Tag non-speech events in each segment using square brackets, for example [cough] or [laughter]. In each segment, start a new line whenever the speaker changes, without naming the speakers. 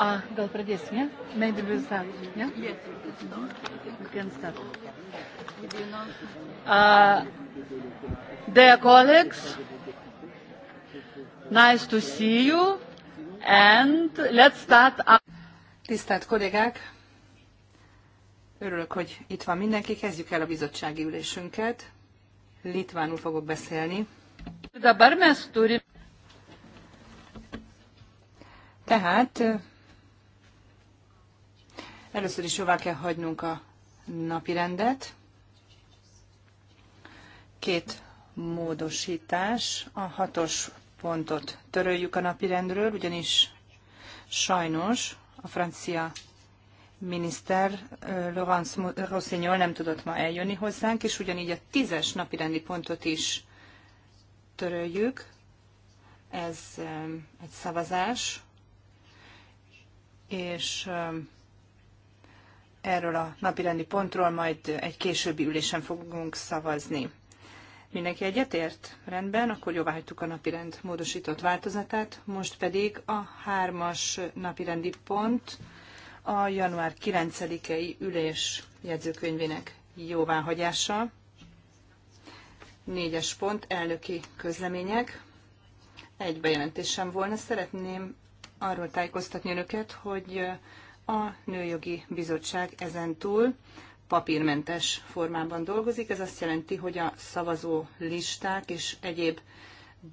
А, gal pradėsim, ne? Maybe we'll ne?
Yes, we dear colleagues, nice to see
you, and let's start up. Tisztelt kollégák, örülök, hogy itt van mindenki, kezdjük el a bizottsági ülésünket. Litvánul fogok beszélni. Dabar mes turim. Tehát Először is jóvá kell hagynunk a napi rendet. Két módosítás. A hatos pontot töröljük a napi rendről, ugyanis sajnos a francia miniszter Laurence Rossignol nem tudott ma eljönni hozzánk, és ugyanígy a tízes napi rendi pontot is töröljük. Ez egy szavazás, és erről a napirendi pontról majd egy későbbi ülésen fogunk szavazni. Mindenki egyetért? Rendben, akkor jóváhagytuk a napirend módosított változatát. Most pedig a hármas napirendi pont a január 9-i ülés jegyzőkönyvének jóváhagyása. Négyes pont, elnöki közlemények. Egy bejelentésem volna. Szeretném arról tájékoztatni önöket, hogy a Nőjogi Bizottság ezentúl papírmentes formában dolgozik. Ez azt jelenti, hogy a szavazó listák és egyéb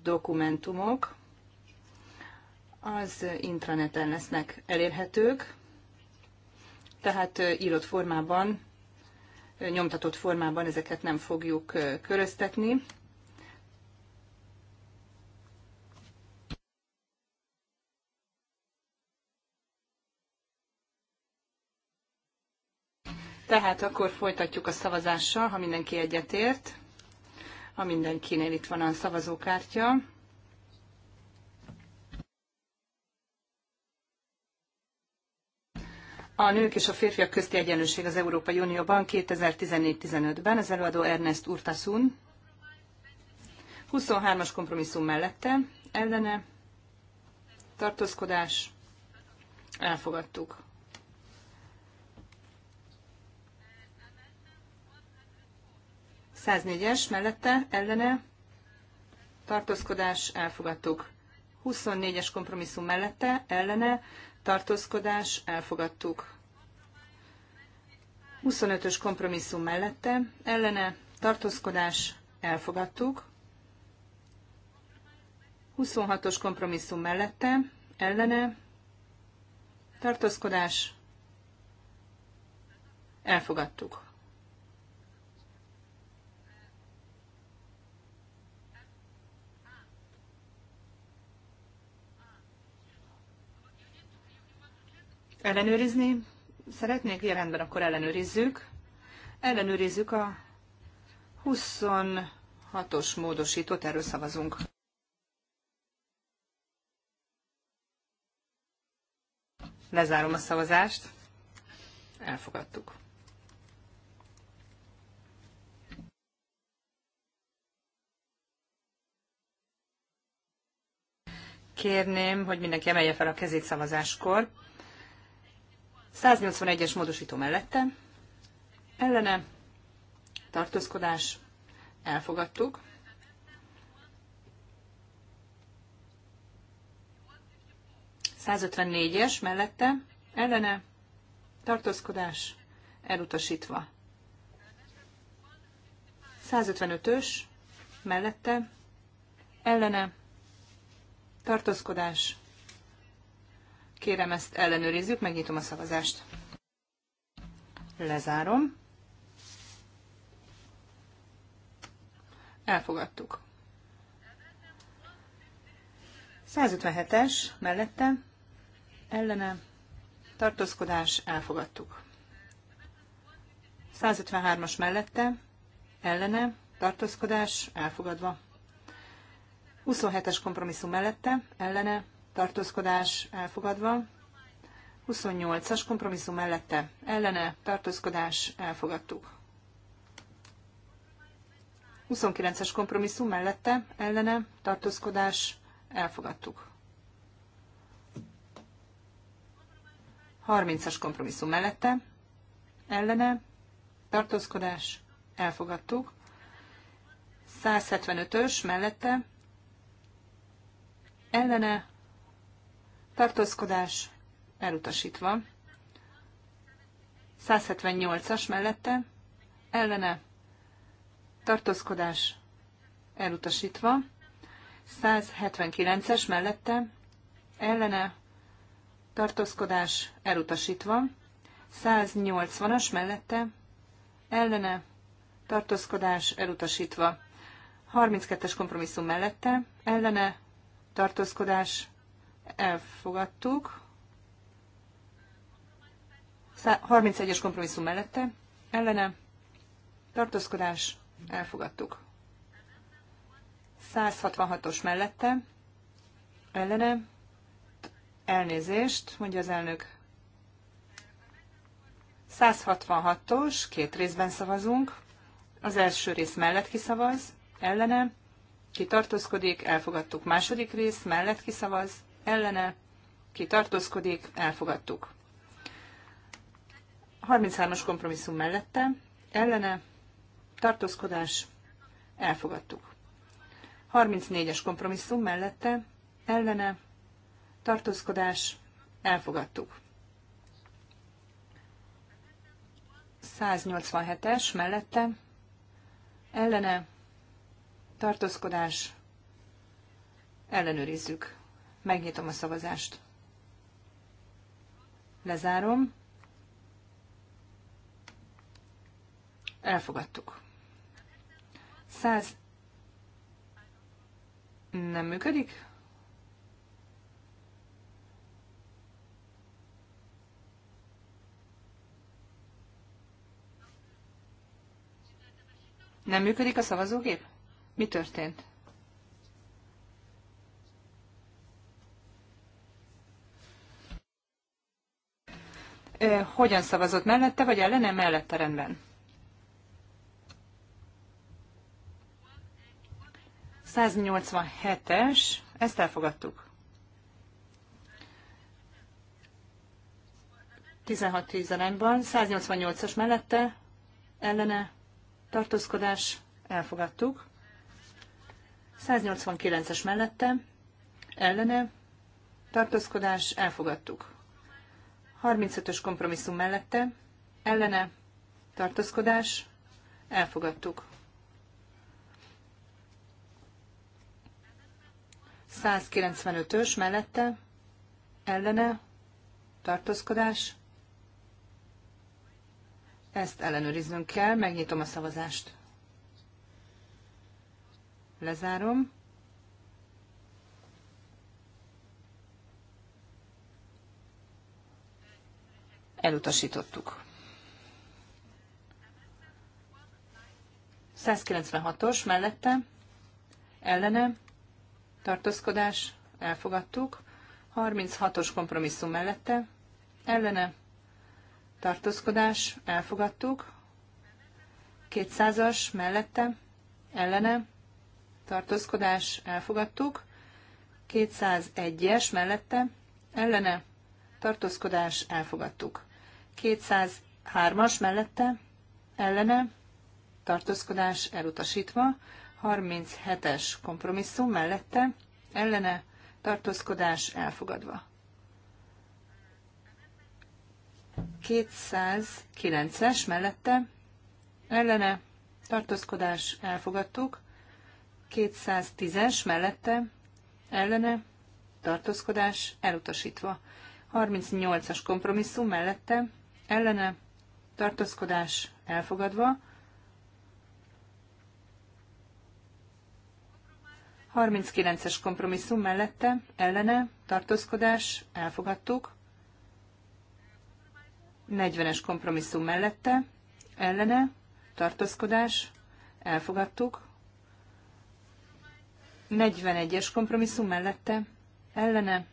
dokumentumok az intraneten lesznek elérhetők, tehát írott formában, nyomtatott formában ezeket nem fogjuk köröztetni. Tehát akkor folytatjuk a szavazással, ha mindenki egyetért. Ha mindenkinél itt van a szavazókártya. A nők és a férfiak közti egyenlőség az Európai Unióban 2014-15-ben az előadó Ernest Urtasun 23-as kompromisszum mellette, ellene, tartózkodás, elfogadtuk. 104-es mellette ellene tartózkodás elfogadtuk. 24-es kompromisszum mellette ellene tartózkodás elfogadtuk. 25-ös kompromisszum mellette ellene tartózkodás elfogadtuk. 26-os kompromisszum mellette ellene tartózkodás elfogadtuk. Ellenőrizni szeretnék? Ja, rendben, akkor ellenőrizzük. Ellenőrizzük a 26-os módosítót, erről szavazunk. Lezárom a szavazást. Elfogadtuk. Kérném, hogy mindenki emelje fel a kezét szavazáskor. 181-es módosító mellette, ellene, tartózkodás, elfogadtuk. es mellette, ellene, tartózkodás, elutasítva. 155-ös mellette, ellene, tartózkodás, Kérem ezt ellenőrizzük, megnyitom a szavazást. Lezárom. Elfogadtuk. 157-es mellette, ellene, tartózkodás, elfogadtuk. 153-as mellette, ellene, tartózkodás, elfogadva. 27-es kompromisszum mellette, ellene, tartózkodás elfogadva, 28-as kompromisszum mellette ellene tartózkodás elfogadtuk. 29-es kompromisszum mellette ellene tartózkodás elfogadtuk. 30-as kompromisszum mellette ellene tartózkodás elfogadtuk. 175-ös mellette ellene tartózkodás elutasítva. 178-as mellette, ellene, tartózkodás elutasítva. 179-es mellette, ellene, tartózkodás elutasítva. 180-as mellette, ellene, tartózkodás elutasítva. 32-es kompromisszum mellette, ellene, tartózkodás elfogadtuk. 31-es kompromisszum mellette, ellene, tartózkodás, elfogadtuk. 166-os mellette, ellene, elnézést, mondja az elnök. 166-os, két részben szavazunk. Az első rész mellett kiszavaz, ellene, kitartózkodik, elfogadtuk. Második rész mellett kiszavaz, ellene, ki tartózkodik, elfogadtuk. 33-as kompromisszum mellette, ellene, tartózkodás, elfogadtuk. 34-es kompromisszum mellette, ellene, tartózkodás, elfogadtuk. 187-es mellette, ellene, tartózkodás, ellenőrizzük. Megnyitom a szavazást. Lezárom. Elfogadtuk. 100 nem működik. Nem működik a szavazógép? Mi történt? hogyan szavazott mellette, vagy ellene, mellette rendben. 187-es, ezt elfogadtuk. 16-10 arányban, 188-as mellette, ellene, tartózkodás, elfogadtuk. 189-es mellette, ellene, tartózkodás, elfogadtuk. 35-ös kompromisszum mellette, ellene, tartózkodás, elfogadtuk. 195-ös mellette, ellene, tartózkodás, ezt ellenőriznünk kell, megnyitom a szavazást. Lezárom. elutasítottuk. 196-os mellette, ellene, tartózkodás, elfogadtuk. 36-os kompromisszum mellette, ellene, tartózkodás, elfogadtuk. 200-as mellette, ellene, tartózkodás, elfogadtuk. 201-es mellette, ellene, tartózkodás, elfogadtuk. 203-as mellette ellene tartózkodás elutasítva, 37-es kompromisszum mellette ellene tartózkodás elfogadva. 209-es mellette ellene tartózkodás elfogadtuk, 210-es mellette ellene tartózkodás elutasítva, 38-as kompromisszum mellette ellene tartózkodás elfogadva, 39-es kompromisszum mellette ellene tartózkodás elfogadtuk, 40-es kompromisszum mellette ellene tartózkodás elfogadtuk, 41-es kompromisszum mellette ellene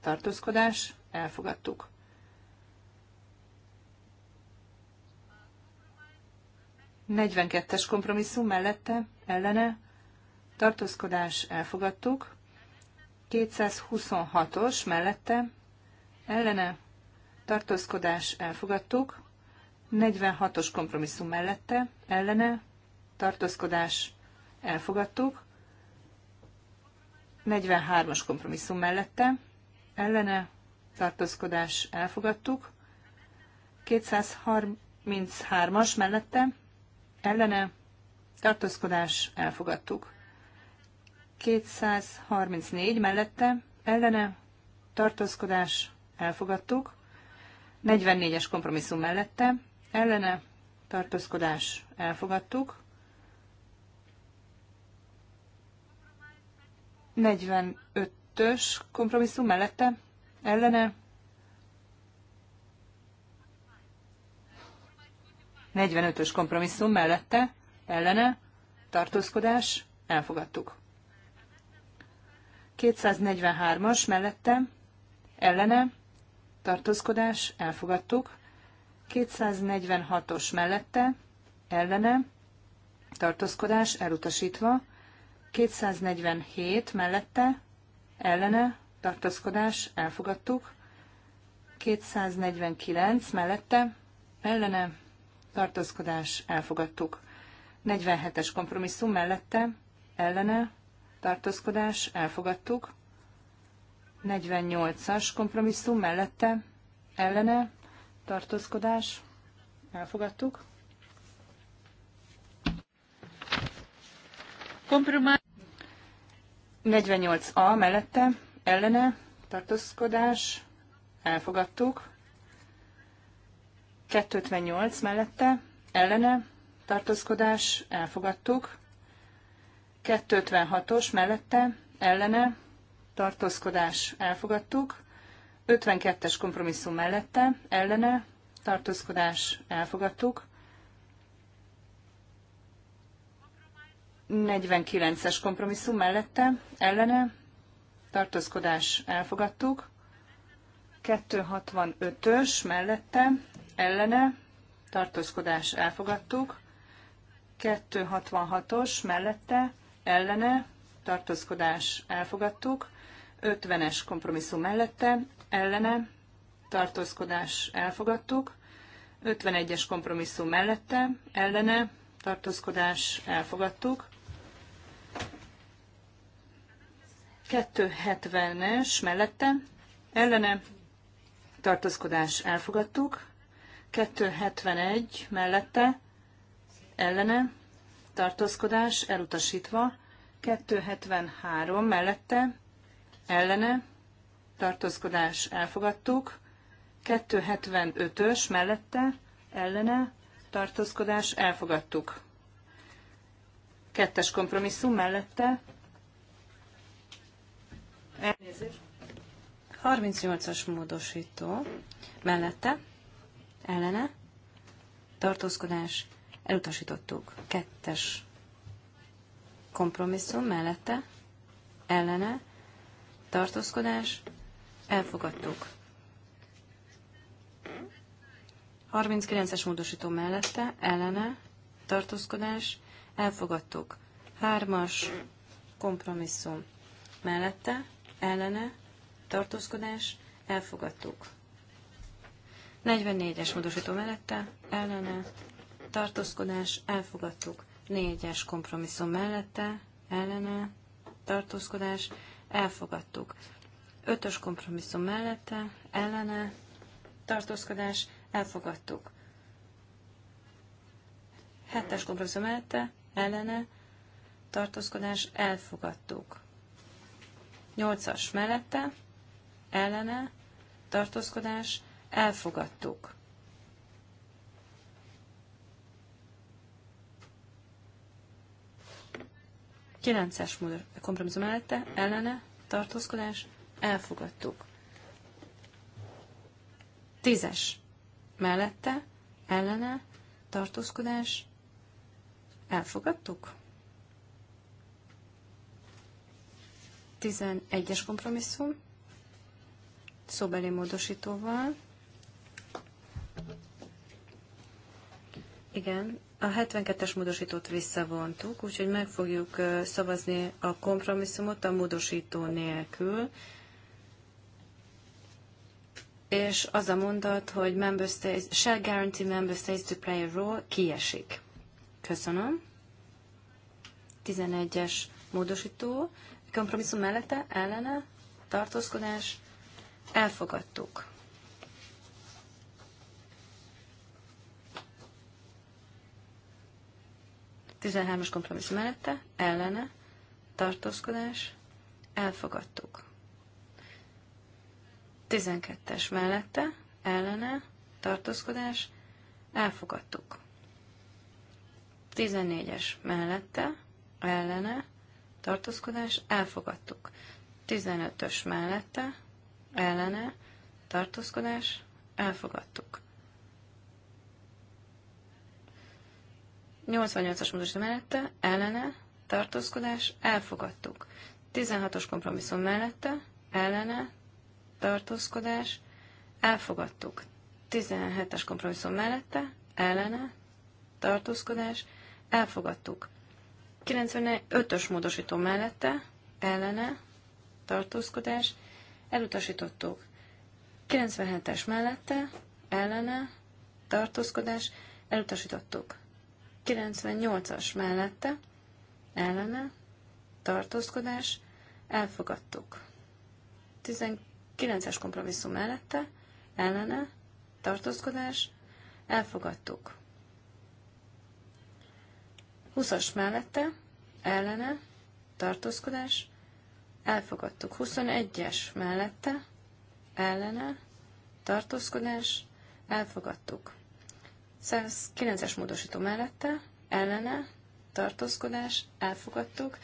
tartózkodás elfogadtuk. 42-es kompromisszum mellette, ellene, tartózkodás elfogadtuk. 226-os mellette, ellene, tartózkodás elfogadtuk. 46-os kompromisszum mellette, ellene, tartózkodás elfogadtuk. 43-as kompromisszum mellette, ellene, tartózkodás elfogadtuk. 233-as mellette, ellene, tartózkodás, elfogadtuk. 234 mellette, ellene, tartózkodás, elfogadtuk. 44-es kompromisszum mellette, ellene, tartózkodás, elfogadtuk. 45-ös kompromisszum mellette, ellene, 45-ös kompromisszum mellette, ellene, tartózkodás, elfogadtuk. 243-as mellette, ellene, tartózkodás, elfogadtuk. 246-os mellette, ellene, tartózkodás, elutasítva. 247 mellette, ellene, tartózkodás, elfogadtuk. 249 mellette, ellene, tartózkodás, elfogadtuk. 47-es kompromisszum mellette, ellene, tartózkodás, elfogadtuk. 48-as kompromisszum mellette, ellene, tartózkodás, elfogadtuk. Kompromisszum 48A mellette, ellene, tartózkodás, elfogadtuk. 258 mellette, ellene, tartózkodás, elfogadtuk. 256-os mellette, ellene, tartózkodás, elfogadtuk. 52-es kompromisszum mellette, ellene, tartózkodás, elfogadtuk. 49-es kompromisszum mellette, ellene, tartózkodás, elfogadtuk. 265-ös mellette, ellene, tartózkodás elfogadtuk, 266-os mellette, ellene, tartózkodás elfogadtuk, 50-es kompromisszum mellette, ellene, tartózkodás elfogadtuk, 51-es kompromisszum mellette, ellene, tartózkodás elfogadtuk, 270-es mellette, ellene, tartózkodás elfogadtuk, 271 mellette ellene tartózkodás elutasítva, 273 mellette ellene tartózkodás elfogadtuk, 275-ös mellette ellene tartózkodás elfogadtuk. Kettes kompromisszum
mellette
elnézést.
38-as módosító mellette ellene, tartózkodás, elutasítottuk. Kettes kompromisszum mellette, ellene, tartózkodás, elfogadtuk. 39-es módosító mellette, ellene, tartózkodás, elfogadtuk. Hármas kompromisszum mellette, ellene, tartózkodás, elfogadtuk. 44-es módosító mellette, ellene, tartózkodás, elfogadtuk. 4-es kompromisszum mellette, ellene, tartózkodás, elfogadtuk. 5-ös kompromisszum mellette, ellene, tartózkodás, elfogadtuk. 7-es kompromisszum mellette, ellene, tartózkodás, elfogadtuk. 8-as mellette, ellene, tartózkodás, elfogadtuk. Kilences kompromisszum mellette, ellene, tartózkodás, elfogadtuk. Tízes mellette, ellene, tartózkodás, elfogadtuk. Tizenegyes kompromisszum, szóbeli módosítóval, Igen, a 72-es módosítót visszavontuk, úgyhogy meg fogjuk szavazni a kompromisszumot a módosító nélkül. És az a mondat, hogy member states, shall guarantee member states to play a role, kiesik. Köszönöm. 11-es módosító. Kompromisszum mellette, ellene, tartózkodás, elfogadtuk. 13-as kompromisszum mellette, ellene, tartózkodás, elfogadtuk. 12-es mellette, ellene, tartózkodás, elfogadtuk. 14-es mellette, ellene, tartózkodás, elfogadtuk. 15-ös mellette, ellene, tartózkodás, elfogadtuk. 88-as módosító mellette, ellene, tartózkodás, elfogadtuk. 16-os kompromisszum mellette, ellene, tartózkodás, elfogadtuk. 17-es kompromisszum mellette, ellene, tartózkodás, elfogadtuk. 95-ös módosító mellette, ellene, tartózkodás, elutasítottuk. 97-es mellette, ellene, tartózkodás, elutasítottuk. 98-as mellette ellene tartózkodás elfogadtuk. 19-es kompromisszum mellette ellene tartózkodás elfogadtuk. 20-as mellette ellene tartózkodás elfogadtuk. 21-es mellette ellene tartózkodás elfogadtuk. 109-es módosító mellette, ellene, tartózkodás, elfogadtuk.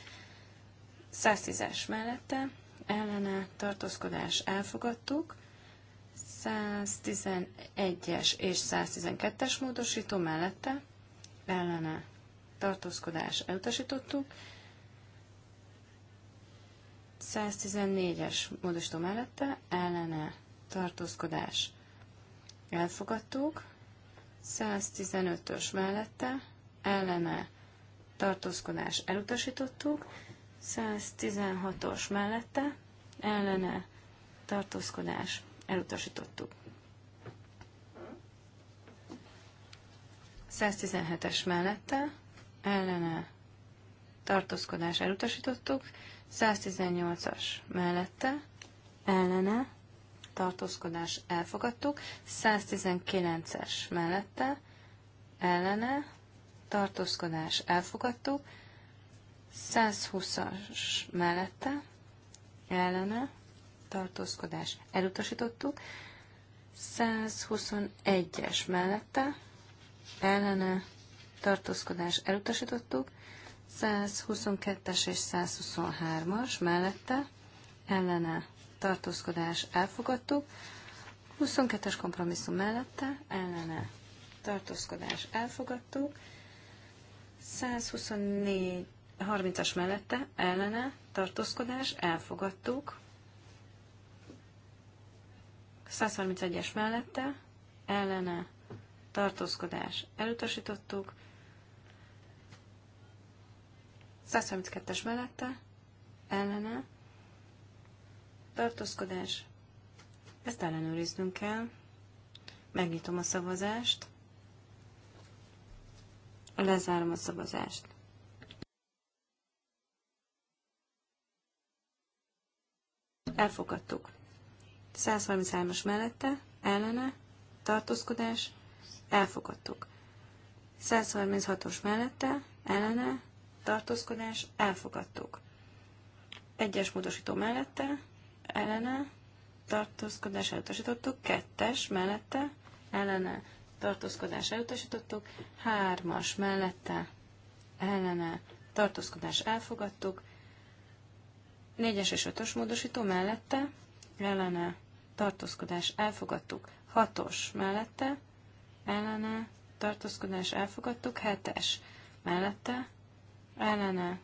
110-es mellette, ellene, tartózkodás, elfogadtuk. 111-es és 112-es módosító mellette, ellene, tartózkodás, elutasítottuk. 114-es módosító mellette, ellene, tartózkodás, elfogadtuk. 115-ös mellette ellene tartózkodás elutasítottuk, 116-os mellette ellene tartózkodás elutasítottuk. 117-es mellette ellene tartózkodás elutasítottuk, 118-as mellette ellene tartózkodás elfogadtuk, 119-es mellette, ellene, tartózkodás elfogadtuk, 120-as mellette, ellene, tartózkodás elutasítottuk, 121-es mellette, ellene, tartózkodás elutasítottuk, 122-es és 123-as mellette, ellene tartózkodás elfogadtuk, 22-es kompromisszum mellette ellene tartózkodás elfogadtuk, 124 30-as mellette ellene tartózkodás elfogadtuk, 131-es mellette ellene tartózkodás elutasítottuk, 132-es mellette ellene tartózkodás. Ezt ellenőriznünk kell. Megnyitom a szavazást. Lezárom a szavazást. Elfogadtuk. 133-as mellette, ellene, tartózkodás, elfogadtuk. 136-os mellette, ellene, tartózkodás, elfogadtuk. Egyes módosító mellette, ellene tartózkodás elutasítottuk, kettes mellette ellene tartózkodás elutasítottuk, hármas mellette ellene tartózkodás elfogadtuk, négyes és ötös módosító mellette ellene tartózkodás elfogadtuk, hatos mellette ellene tartózkodás elfogadtuk, hetes mellette ellene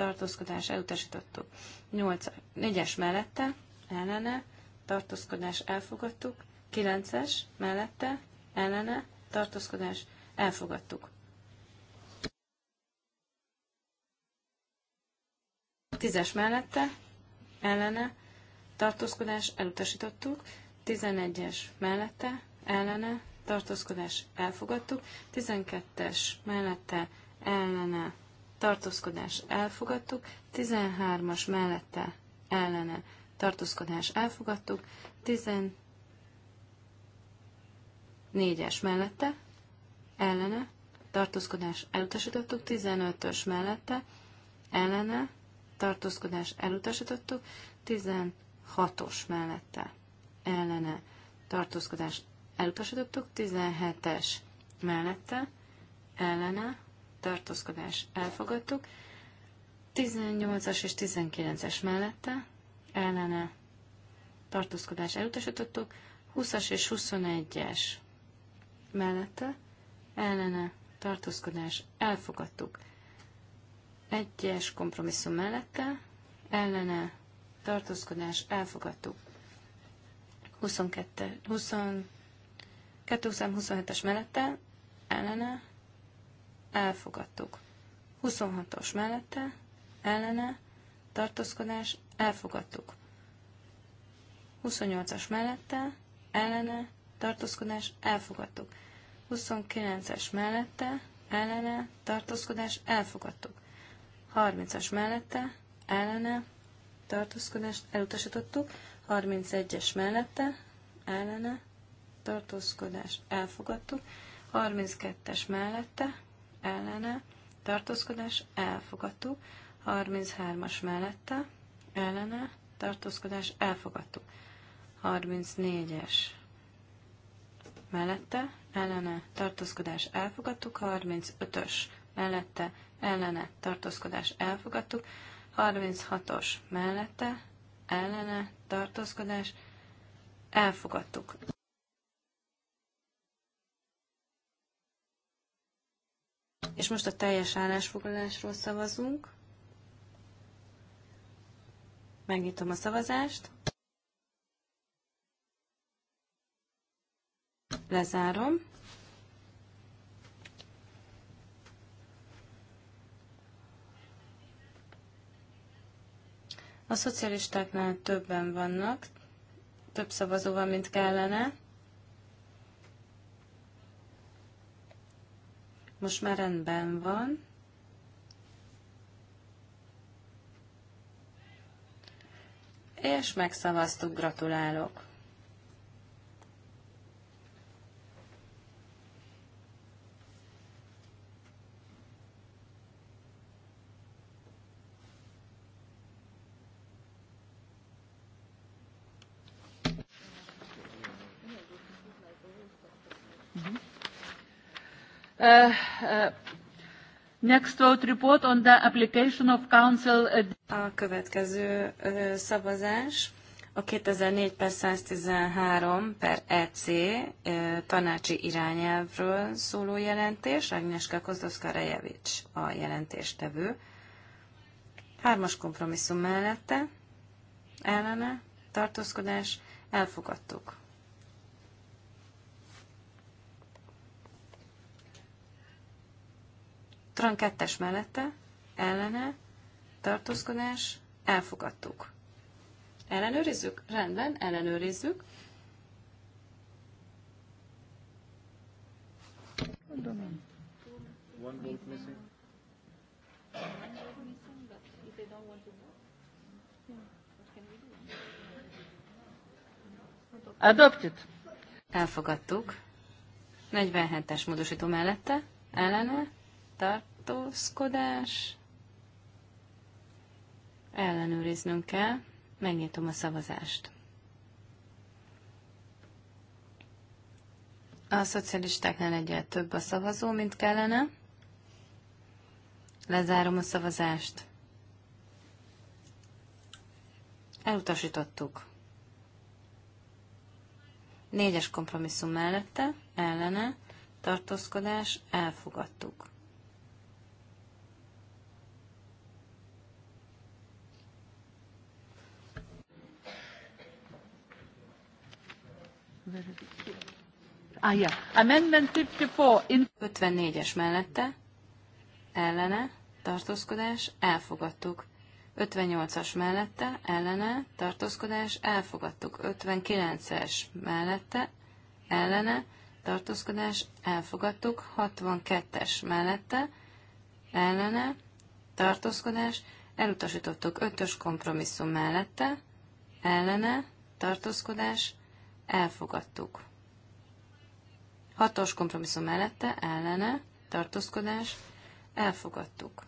tartózkodás elutasítottuk. 8, 4-es mellette, ellene, tartózkodás elfogadtuk. 9-es mellette, ellene, tartózkodás elfogadtuk. 10-es mellette, ellene, tartózkodás elutasítottuk. 11-es mellette, ellene, tartózkodás elfogadtuk. 12-es mellette, ellene, tartózkodás elfogadtuk, 13-as mellette ellene tartózkodás elfogadtuk, 14-es mellette ellene tartózkodás elutasítottuk, 15-ös mellette ellene tartózkodás elutasítottuk, 16-os mellette ellene tartózkodás elutasítottuk, 17-es mellette ellene tartózkodás elfogadtuk. 18-as és 19-es mellette ellene tartózkodás elutasítottuk. 20-as és 21-es mellette ellene tartózkodás elfogadtuk. Egyes kompromisszum mellette ellene tartózkodás elfogadtuk. 22, 22 27-es mellette ellene elfogadtuk. 26-os mellette, ellene, tartózkodás, elfogadtuk. 28-as mellette, ellene, tartózkodás, elfogadtuk. 29-es mellette, ellene, tartózkodás, elfogadtuk. 30-as mellette, ellene, tartózkodást elutasítottuk. 31-es mellette, ellene, tartózkodás, elfogadtuk. 32-es mellette, ellene, tartózkodás elfogadtuk, 33-as mellette, ellene, tartózkodás elfogadtuk, 34-es mellette, ellene, tartózkodás elfogadtuk, 35-ös mellette, ellene, tartózkodás elfogadtuk, 36-os mellette, ellene, tartózkodás elfogadtuk. És most a teljes állásfoglalásról szavazunk. Megnyitom a szavazást. Lezárom. A szocialistáknál többen vannak, több szavazó van, mint kellene. Most már rendben van. És megszavaztuk, gratulálok! Uh, uh, next vote report on the application of council. Uh, a következő szavazás a 2004 per 113 per EC tanácsi irányelvről szóló jelentés, Agnieszka Kozdoszka-Rejevics a jelentéstevő. Hármas kompromisszum mellette, ellene, tartózkodás, elfogadtuk. Tran kettes mellette, ellene, tartózkodás, elfogadtuk. Ellenőrizzük? Rendben, ellenőrizzük.
Adopted.
Elfogadtuk. 47-es módosító mellette, ellene, tart, tartózkodás, ellenőriznünk kell, megnyitom a szavazást. A szocialistáknál egyel több a szavazó, mint kellene. Lezárom a szavazást. Elutasítottuk. Négyes kompromisszum mellette, ellene, tartózkodás, elfogadtuk. Ah, Amendment 54. 54-es mellette, ellene, tartózkodás, elfogadtuk. 58-as mellette, ellene, tartózkodás, elfogadtuk. 59-es mellette, ellene, tartózkodás, elfogadtuk. 62-es mellette, ellene, tartózkodás, elutasítottuk. 5-ös kompromisszum mellette, ellene, tartózkodás, elfogadtuk. Hatos kompromisszum mellette, ellene, tartózkodás, elfogadtuk.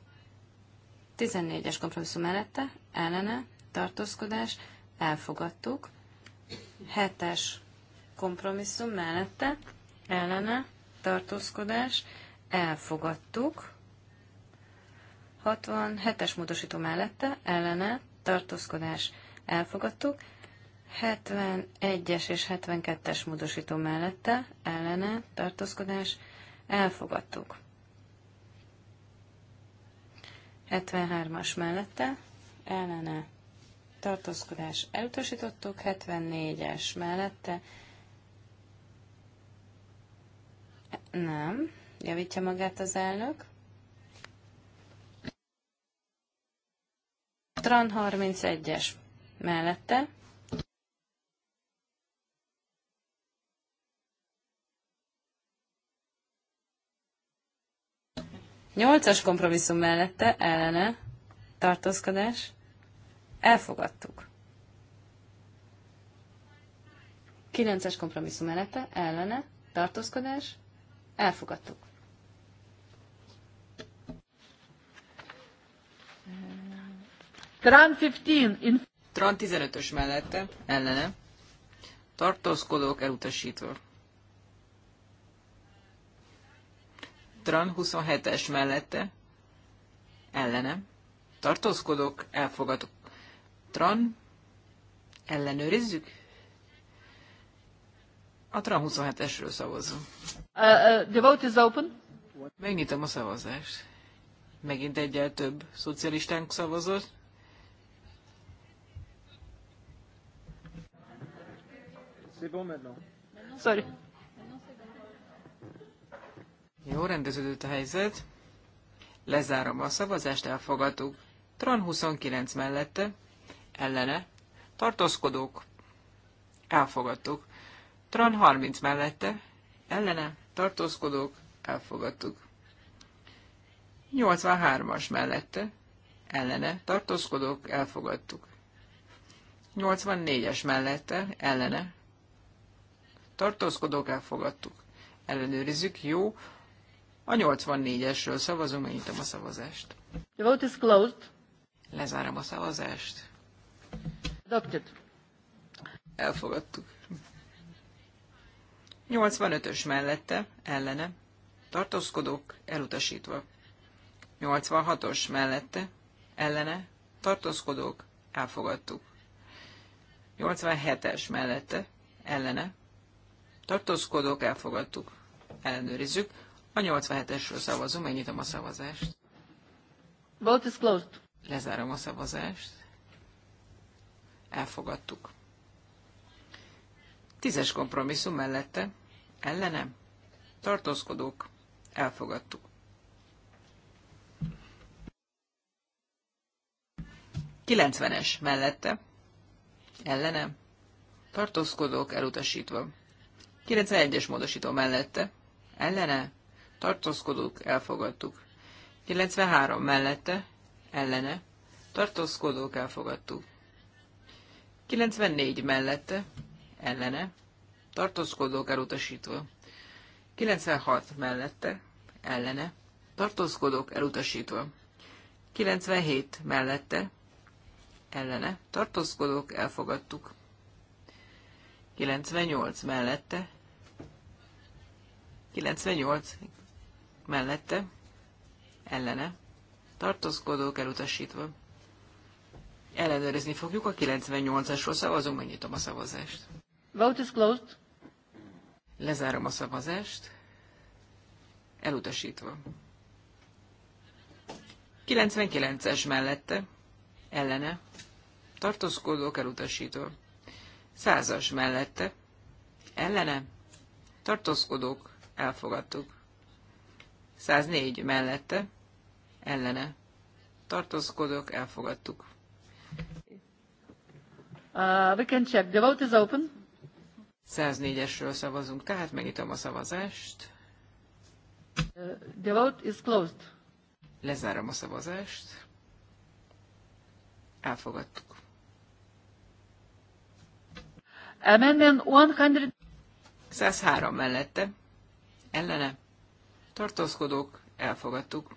14-es kompromisszum mellette, ellene, tartózkodás, elfogadtuk. 7-es kompromisszum mellette, ellene, tartózkodás, elfogadtuk. 67-es módosító mellette, ellene, tartózkodás, elfogadtuk. 71-es és 72-es módosító mellette, ellene, tartózkodás, elfogadtuk. 73-as mellette, ellene, tartózkodás, elutasítottuk. 74-es mellette, nem, javítja magát az elnök. Tran 31-es mellette, Nyolcas kompromisszum mellette ellene tartózkodás. Elfogadtuk. Kilences kompromisszum mellette ellene tartózkodás. Elfogadtuk.
Tran 15 in... Tran 15-ös mellette ellene tartózkodók elutasítva. Tran 27-es mellette ellenem. Tartózkodok, elfogadok. Tran ellenőrizzük. A Tran 27-esről szavazom. Uh, uh, the vote is open. Megnyitom a szavazást. Megint egyel több szocialistánk szavazott. C'est bon maintenant. Sorry. Jó, rendeződött a helyzet. Lezárom a szavazást, elfogadtuk. Tran 29 mellette, ellene, tartózkodók, elfogadtuk. Tran 30 mellette, ellene, tartózkodók, elfogadtuk. 83-as mellette, ellene, tartózkodók, elfogadtuk. 84-es mellette, ellene, tartózkodók, elfogadtuk. Ellenőrizzük, jó, a 84-esről szavazunk, megnyitom a szavazást. The vote is closed. Lezárom a szavazást. Adopted. Elfogadtuk. 85-ös mellette, ellene, tartózkodók elutasítva. 86-os mellette, ellene, tartózkodók elfogadtuk. 87-es mellette, ellene, tartózkodók elfogadtuk. Ellenőrizzük. A 87-esről szavazunk, megnyitom a szavazást. Vote is closed. Lezárom a szavazást. Elfogadtuk. Tízes kompromisszum mellette. Ellenem. Tartózkodók. Elfogadtuk. Kilencvenes mellette. Ellenem. Tartózkodók elutasítva. 91-es módosító mellette. Ellene tartózkodók, elfogadtuk. 93 mellette, ellene, tartózkodók, elfogadtuk. 94 mellette, ellene, tartózkodók elutasítva. 96 mellette, ellene, tartózkodók elutasítva. 97 mellette, ellene, tartózkodók elfogadtuk. 98 mellette, 98, mellette, ellene, tartózkodók elutasítva. Ellenőrizni fogjuk a 98-asról szavazunk, megnyitom a szavazást. Vote is closed. Lezárom a szavazást. Elutasítva. 99-es mellette, ellene, tartózkodók elutasítva. 100-as mellette, ellene, tartózkodók, elfogadtuk. 104 mellette, ellene. Tartózkodok, elfogadtuk. Uh, we can check. The vote is open. 104-esről szavazunk, tehát megnyitom a szavazást. Uh, the vote is closed. Lezárom a szavazást. Elfogadtuk. Amendment 100... 103 mellette. Ellene tartózkodók, elfogadtuk.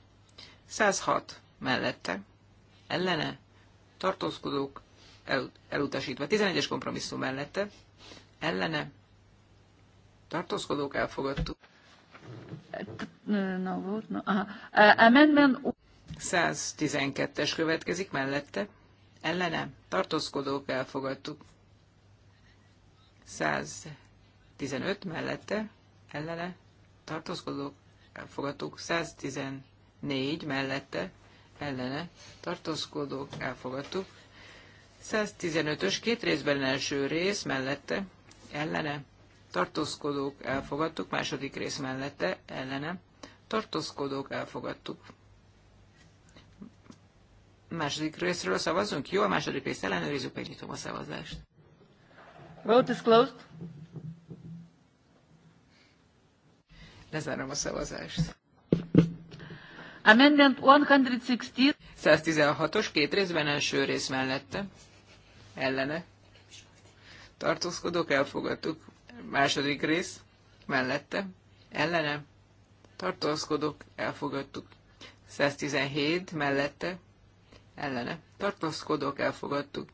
106 mellette, ellene, tartózkodók, el, elutasítva. 11-es kompromisszum mellette, ellene, tartózkodók, elfogadtuk.
Na volt, na, Aha. Eh, amendment
112-es következik mellette, ellene, tartózkodók, elfogadtuk. 115 mellette, ellene, tartózkodók, elfogadtuk. 114 mellette ellene tartózkodók elfogadtuk. 115-ös két részben első rész mellette ellene tartózkodók elfogadtuk, második rész mellette ellene tartózkodók elfogadtuk. A második részről szavazunk? Jó, a második részt ellenőrizzük, megnyitom a szavazást. Vote is closed. Lezárom a szavazást. Amendment 116. 116-os két részben első rész mellette. Ellene. Tartózkodok, elfogadtuk. Második rész mellette. Ellene. Tartózkodok, elfogadtuk. 117 mellette. Ellene. Tartózkodok, elfogadtuk.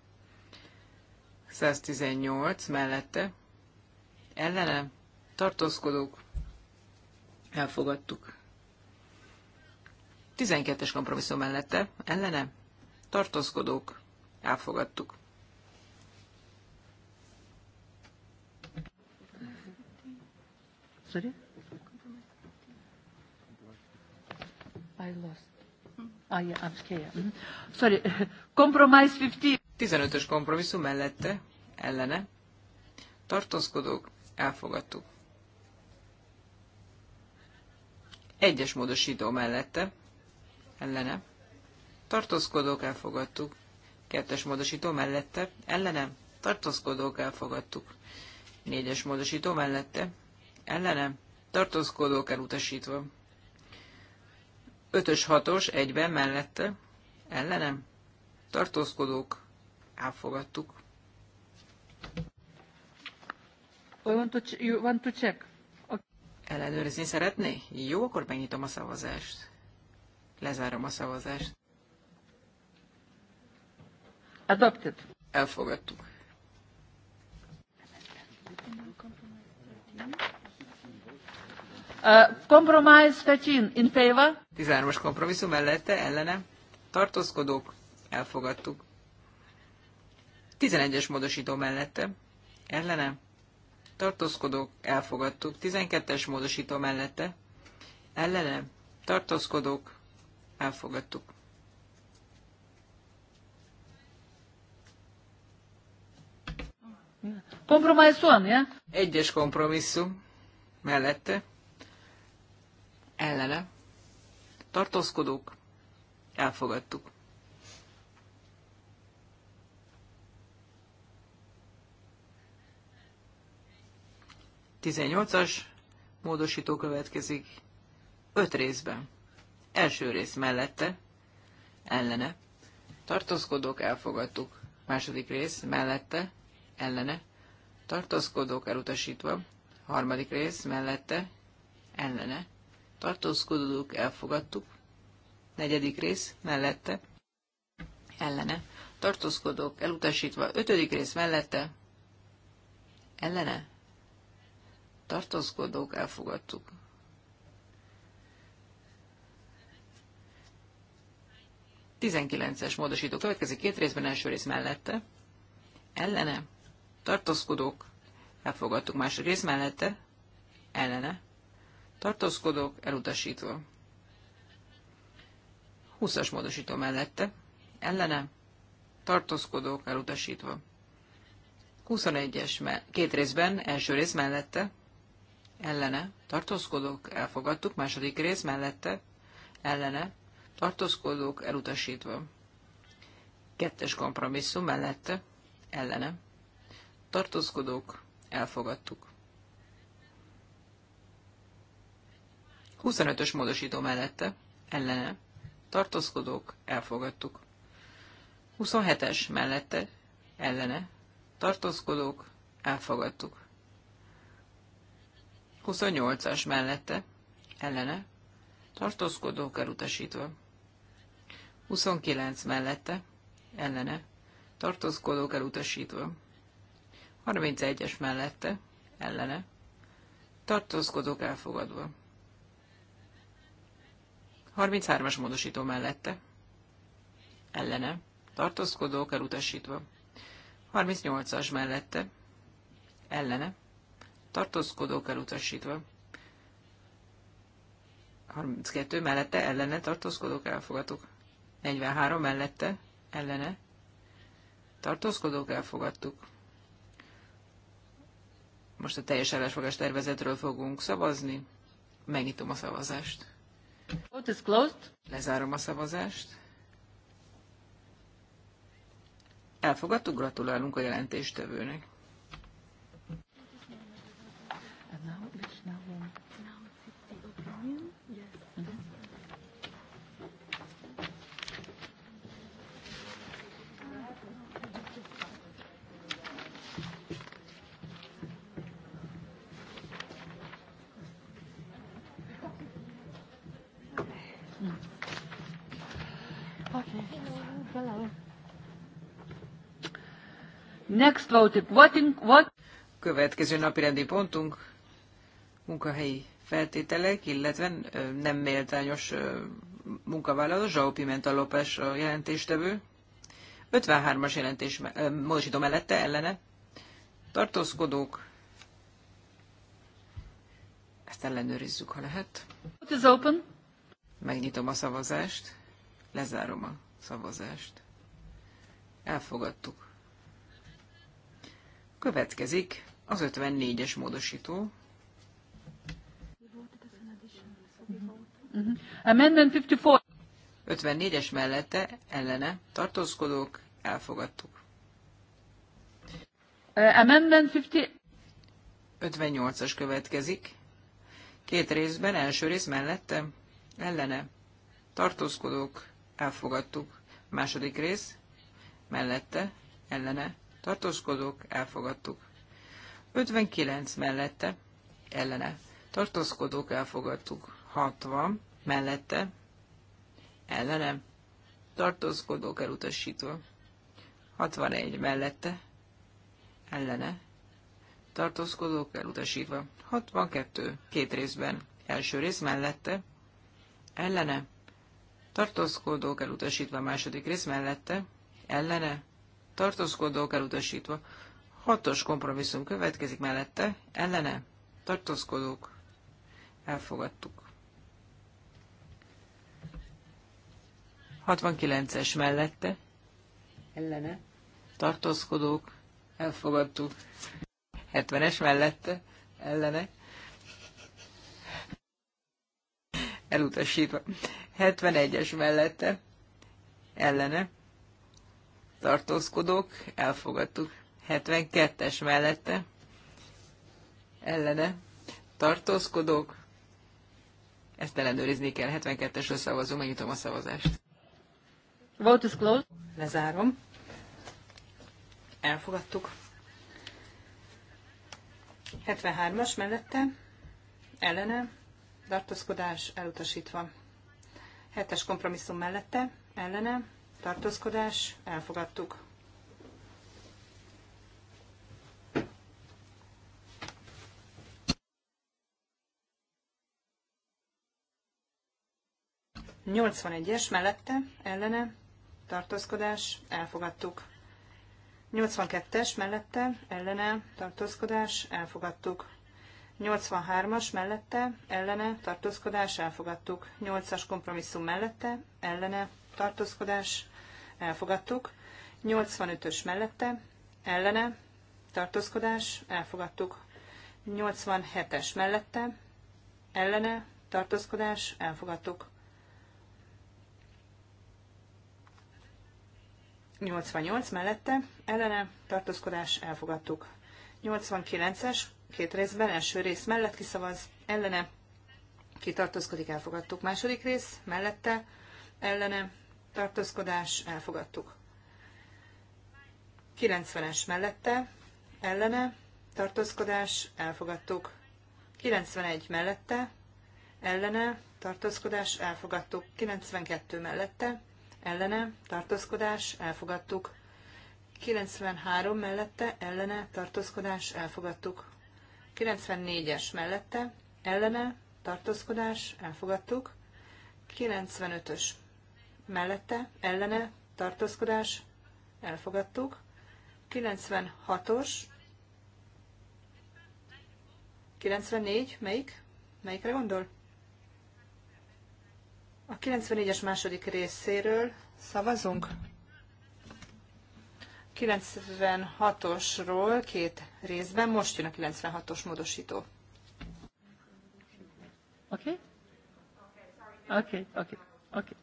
118 mellette. Ellene. Tartózkodok, Elfogadtuk. 12-es kompromisszum mellette, ellene, tartózkodók, elfogadtuk. Sorry? I lost. Ah, yeah, I'm scared. Mm -hmm. Sorry. [laughs] Compromise 15. 15-ös kompromisszum mellette, ellene, tartózkodók, elfogadtuk. Egyes módosító mellette. Ellene. Tartózkodók elfogadtuk. Kettes módosító mellette. Ellene. Tartózkodók elfogadtuk. Négyes módosító mellette. Ellene. Tartózkodók elutasítva. Ötös hatos egyben mellette. Ellenem. Tartózkodók. Elfogadtuk.
You want to check?
ellenőrizni szeretné? Jó, akkor megnyitom a szavazást. Lezárom a szavazást. Adopted. Elfogadtuk. Uh, compromise
13 in favor.
13 kompromisszum mellette, ellene. Tartózkodók, elfogadtuk. 11-es módosító mellette, ellene tartózkodók, elfogadtuk. 12-es módosító mellette, ellene, tartózkodók, elfogadtuk. Kompromisszum, ja? Egyes kompromisszum mellette, ellene, tartózkodók, elfogadtuk. 18-as módosító következik Öt részben. Első rész mellette, ellene. Tartózkodók elfogadtuk. Második rész mellette, ellene. Tartózkodók elutasítva. Harmadik rész mellette, ellene. Tartózkodók elfogadtuk. Negyedik rész mellette, ellene. Tartózkodók elutasítva. Ötödik rész mellette, ellene tartózkodók elfogadtuk. Tizenkilences módosító következik két részben, első rész mellette, ellene, tartózkodók, elfogadtuk második rész mellette, ellene, tartózkodók, elutasítva. 20-as módosító mellette, ellene, tartózkodók, elutasítva. 21-es, két részben, első rész mellette, ellene, tartózkodók, elfogadtuk, második rész mellette, ellene, tartózkodók, elutasítva. Kettes kompromisszum mellette, ellene, tartózkodók, elfogadtuk. 25-ös módosító mellette, ellene, tartózkodók, elfogadtuk. 27-es mellette, ellene, tartózkodók, elfogadtuk. 28-as mellette, ellene, tartózkodók elutasítva. 29 mellette, ellene, tartózkodók elutasítva. 31-es mellette, ellene, tartózkodók elfogadva. 33-as módosító mellette, ellene, tartózkodók elutasítva. 38-as mellette, ellene, tartózkodók elutasítva. 32 mellette ellene tartózkodók elfogadtuk. 43 mellette ellene tartózkodók elfogadtuk. Most a teljes állásfogás tervezetről fogunk szavazni. Megnyitom a szavazást. is Lezárom a szavazást. Elfogadtuk, gratulálunk a jelentéstevőnek. Next voting. in, what? Következő napi rendi pontunk munkahelyi feltételek, illetve nem méltányos munkavállaló, Zsau Pimenta López a jelentéstevő. 53-as jelentés módosító mellette ellene. Tartózkodók. Ezt ellenőrizzük, ha lehet.
What is open.
Megnyitom a szavazást. Lezárom a szavazást. Elfogadtuk. Következik az 54-es módosító. Mhm. Amendment 54. 54-es mellette ellene tartózkodók elfogadtuk. Uh, amendment 50... 58-as következik. Két részben, első rész mellette ellene tartózkodók elfogadtuk. Második rész mellette ellene tartózkodók, elfogadtuk. 59 mellette, ellene, tartózkodók, elfogadtuk. 60 mellette, ellene, tartózkodók, elutasítva. 61 mellette, ellene, tartózkodók, elutasítva. 62 két részben, első rész mellette, ellene, tartózkodók, elutasítva. Második rész mellette, ellene, tartózkodók elutasítva. Hatos kompromisszum következik mellette, ellene, tartózkodók, elfogadtuk. 69-es mellette, ellene, tartózkodók, elfogadtuk. 70-es mellette, ellene, elutasítva. 71-es mellette, ellene, tartózkodók, elfogadtuk. 72-es mellette, ellene, tartózkodók, ezt ellenőrizni kell. 72-esről szavazunk, megnyitom a szavazást.
Vote is closed. Lezárom. Elfogadtuk. 73-as mellette, ellene, tartózkodás elutasítva. 7-es kompromisszum mellette, ellene, tartózkodás, elfogadtuk. Nyolcvan egyes mellette, ellene, tartózkodás, elfogadtuk. 82-es mellette, ellene, tartózkodás, elfogadtuk. 83-as mellette, ellene, tartózkodás, elfogadtuk. 8-as kompromisszum mellette, ellene, tartózkodás, elfogadtuk. 85-ös mellette, ellene, tartózkodás, elfogadtuk. 87-es mellette, ellene, tartózkodás, elfogadtuk. 88 mellette, ellene, tartózkodás, elfogadtuk. 89-es, két részben, első rész mellett kiszavaz, ellene, kitartózkodik, elfogadtuk. Második rész, mellette, ellene, tartózkodás, elfogadtuk. 90-es mellette, ellene, tartózkodás, elfogadtuk. 91 mellette, ellene, tartózkodás, elfogadtuk. 92 mellette, ellene, tartózkodás, elfogadtuk. 93 mellette, ellene, tartózkodás, elfogadtuk. 94-es mellette, ellene, tartózkodás, elfogadtuk. 95-ös mellette, ellene, tartózkodás, elfogadtuk. 96-os, 94, melyik? Melyikre gondol? A 94-es második részéről szavazunk. 96-osról két részben, most jön a 96-os módosító. Oké? Okay? Oké, okay, oké, okay, oké. Okay.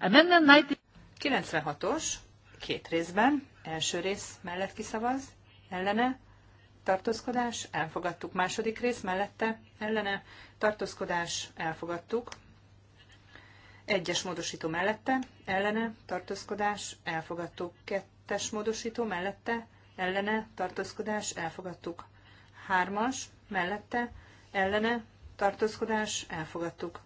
96-os, két részben, első rész mellett kiszavaz, ellene, tartózkodás, elfogadtuk. Második rész mellette, ellene, tartózkodás, elfogadtuk. Egyes módosító mellette, ellene, tartózkodás, elfogadtuk. Kettes módosító mellette, ellene, tartózkodás, elfogadtuk. Hármas, mellette, ellene, tartózkodás, elfogadtuk.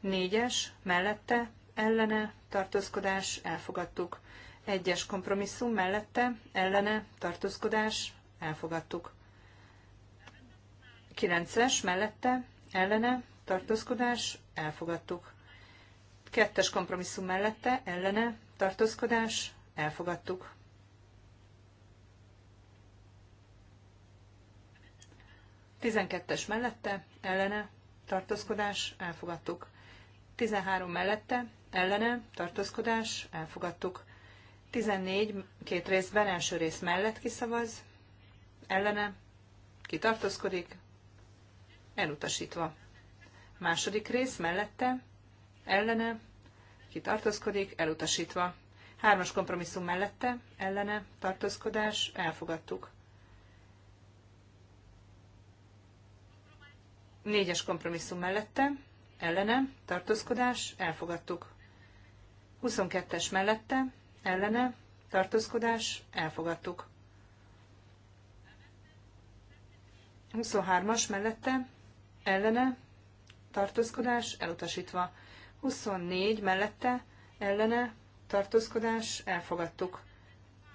Négyes, mellette, ellene tartózkodás elfogadtuk. Egyes kompromisszum mellette ellene tartózkodás elfogadtuk. Kilences mellette ellene tartózkodás elfogadtuk. Kettes kompromisszum mellette ellene tartózkodás elfogadtuk. Tizenkettes mellette ellene tartózkodás elfogadtuk. 13 mellette, ellene, tartózkodás, elfogadtuk. 14 két részben, első rész mellett kiszavaz, ellene, kitartózkodik, elutasítva. Második rész mellette, ellene, kitartózkodik, elutasítva. Hármas kompromisszum mellette, ellene, tartózkodás, elfogadtuk. Négyes kompromisszum mellette, ellene, tartózkodás, elfogadtuk. 22-es mellette, ellene, tartózkodás, elfogadtuk. 23-as mellette, ellene, tartózkodás, elutasítva. 24 mellette, ellene, tartózkodás, elfogadtuk.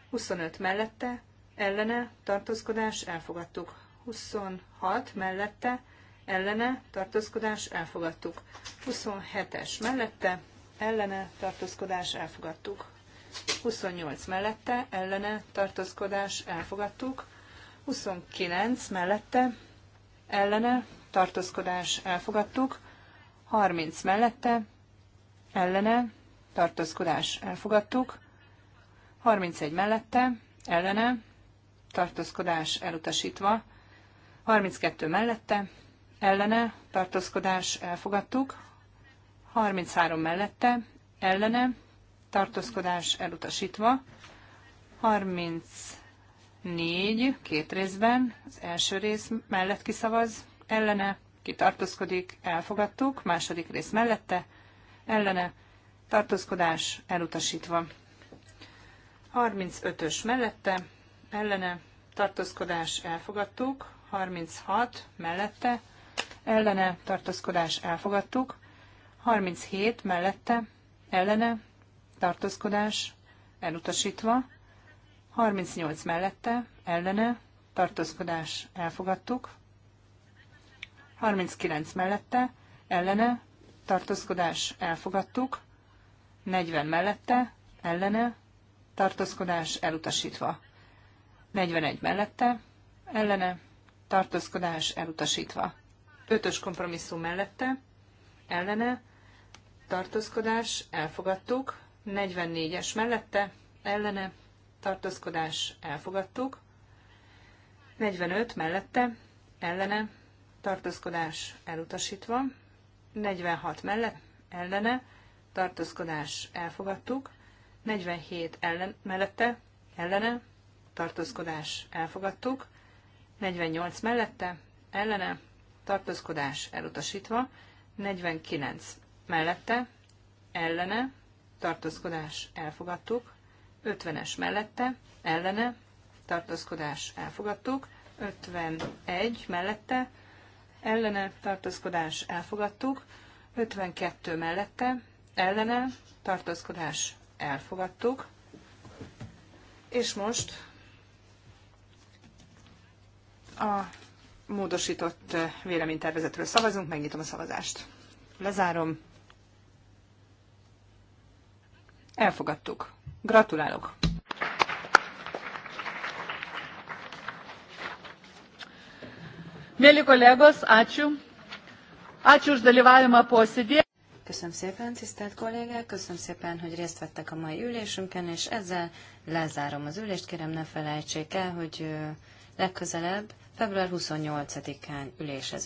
25 mellette, ellene, tartózkodás, elfogadtuk. 26 mellette, ellene, tartózkodás, elfogadtuk. 27-es mellette, ellene tartózkodás elfogadtuk. 28 mellette ellene tartózkodás elfogadtuk. 29 mellette ellene tartózkodás elfogadtuk. 30 mellette ellene tartózkodás elfogadtuk. 31 mellette ellene tartózkodás elutasítva. 32 mellette ellene tartózkodás elfogadtuk. 33 mellette, ellene, tartózkodás elutasítva, 34 két részben, az első rész mellett kiszavaz, ellene, kitartózkodik, elfogadtuk, második rész mellette, ellene, tartózkodás elutasítva. 35-ös mellette, ellene, tartózkodás elfogadtuk, 36 mellette, ellene, tartózkodás elfogadtuk, 37 mellette, ellene, tartózkodás, elutasítva. 38 mellette, ellene, tartózkodás, elfogadtuk. 39 mellette, ellene, tartózkodás, elfogadtuk. 40 mellette, ellene, tartózkodás, elutasítva. 41 mellette, ellene, tartózkodás, elutasítva. 5-ös kompromisszum mellette, ellene, tartózkodás, elfogadtuk. 44-es mellette, ellene, tartózkodás, elfogadtuk. 45 mellette, ellene, tartózkodás elutasítva. 46 mellett, ellene, tartózkodás elfogadtuk. 47 ellen, mellette, ellene, tartózkodás elfogadtuk. 48 mellette, ellene, tartózkodás elutasítva. 49 mellette, ellene, tartózkodás elfogadtuk, 50-es mellette, ellene, tartózkodás elfogadtuk, 51 mellette, ellene, tartózkodás elfogadtuk, 52 mellette, ellene, tartózkodás elfogadtuk, és most a módosított véleménytervezetről szavazunk, megnyitom a szavazást. Lezárom. Elfogadtuk. Gratulálok!
kollégos, ácsú! Ácsú, hogy dalyvájom a posėdėje. Köszönöm szépen, tisztelt kollégák, köszönöm szépen, hogy részt vettek a mai ülésünkön, és ezzel lezárom az ülést. Kérem, ne felejtsék el, hogy legközelebb, február 28-án ülésezünk.